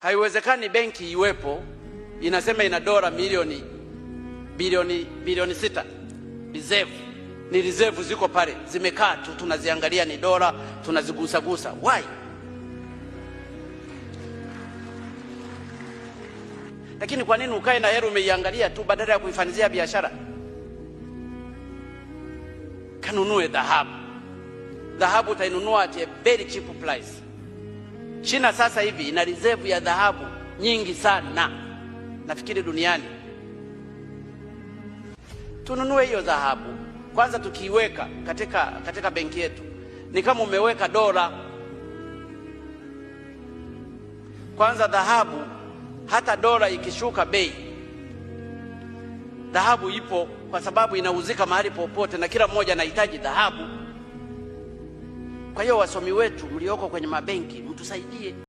Haiwezekani benki iwepo inasema ina dola milioni bilioni bilioni sita reserve, ni reserve ziko pale zimekaa tu, tunaziangalia ni dola tunazigusagusa. Why? Lakini kwa nini ukae na hela umeiangalia tu badala ya kuifanyia biashara? Kanunue dhahabu. Dhahabu utainunua at a very cheap price. China sasa hivi ina reserve ya dhahabu nyingi sana, nafikiri duniani. Tununue hiyo dhahabu kwanza, tukiiweka katika, katika benki yetu ni kama umeweka dola. Kwanza dhahabu, hata dola ikishuka bei, dhahabu ipo, kwa sababu inauzika mahali popote, na kila mmoja anahitaji dhahabu. Kwa hiyo wasomi wetu mlioko kwenye mabenki mtusaidie.